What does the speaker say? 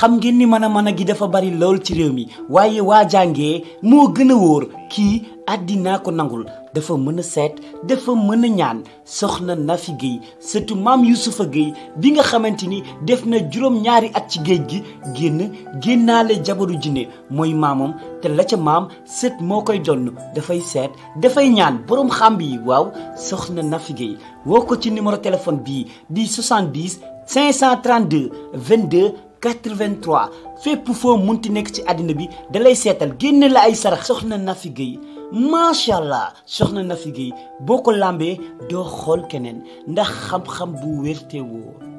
xam ngeen ni mën a mën a gi dafa bari lool ci réew mi waaye waa jàngee moo gën a wóor kii àddinaa ko nangul dafa mën a seet dafa mën a ñaan soxna Nafi Guèye surtout maam Youssoufa Guèye bi nga xamante ni def na juróom ñaari at ci géej gi génn génnaale jabaru jinne mooy maamam te la ca maam sët moo koy donn dafay seet dafay ñaan boroom xàmb yi waaw soxna Nafi Guèye woo ko ci numéro téléphone bii di 70 532 22 83 fépp foo ti nekk ci àddina bi dalay seetal génne la ay sarax soxna Nafi Guèye macha allah soxna Nafi Guèye boo ko làmbee doo xool keneen ndax xam-xam bu wér te